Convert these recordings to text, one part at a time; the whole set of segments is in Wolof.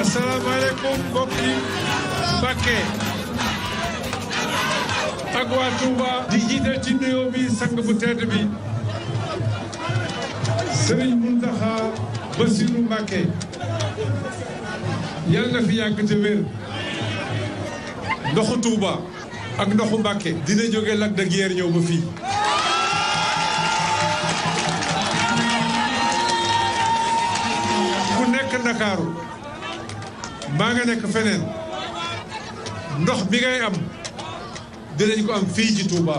asalaamaaleykum mbokk yi Mbacké ak waa Touba di jiital ci nuyoo bi sang bu tedd bi Serigne Mountakha Bassirou Mbacké yàlla na fi yàgg te wér ndoxu Touba ak ndoxu Mbacké dina jóge Lac de ñëw ba fii ku nekk Ndakaaru maa nga nekk feneen ndox bi ngay am dinañ ko am fii ci Touba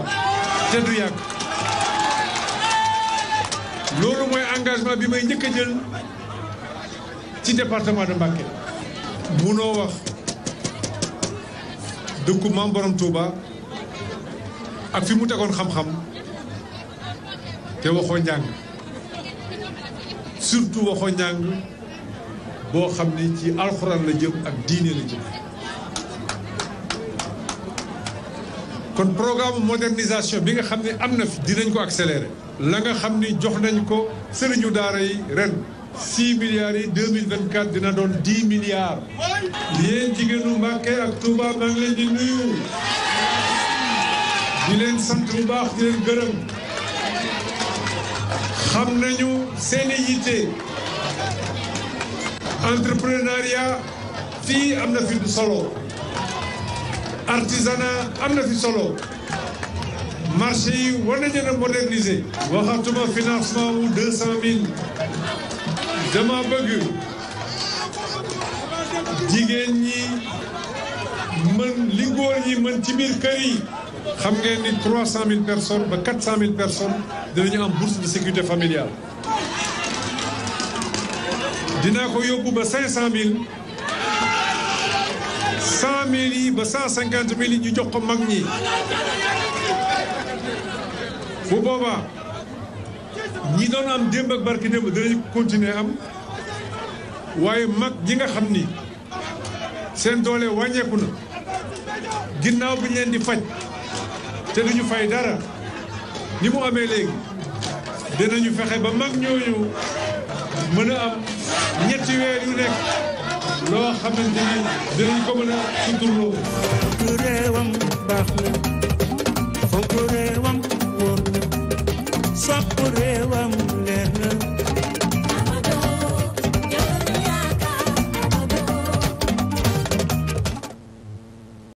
te du yàgg loolu mooy engagement bi may njëkk a jël ci département de Mbacké munoo wax dëkku maam borom Touba ak fi mu tegoon xam-xam te waxoo njàng surtout waxoo njàng boo xam ni ci alxuraan la jëm ak diine la jëm kon programme modernisation bi nga xam ne am na fi dinañ ko accélérer la xam ni jox nañ ko sëriñu daara yi ren six milliards yi deux mille vingt dina doon dix milliards. yéen jigéenu Mbàkke ak Touba maa leen di nuyu. di sant bu baax di leen gërëm. xam nañu seen i yitte. entrepreneuriat fii am na fi solo. artisanat am na fi solo. marché yi war nañu leen a moderniser. waxatuma financement wu deux cent mille. dama bëgg jigéen ñi mën li góor ñi mën ci biir kër yi xam ngeen ni trois cent mille personnes ba quatre cent mille personnes ñu am bourse de sécurité familiale dinaa ko yóbbu ba cinq cent mille cent mille yi ba cent cinquante mille yi ñu jox ko mag ñi bu boobaa ñi doon am démb ak barki démb dinañ continuer am waaye mag ñi nga xam ni seen doole wàññeeku na ginnaaw bi ñu leen di faj te duñu fay dara ni mu amee léegi dinañu fexe ba mag ñooñu mën a am ñetti weer yu nekk loo xamante ni dinañ ko mën a suturloo. fonk réewam baax na sàkku réewam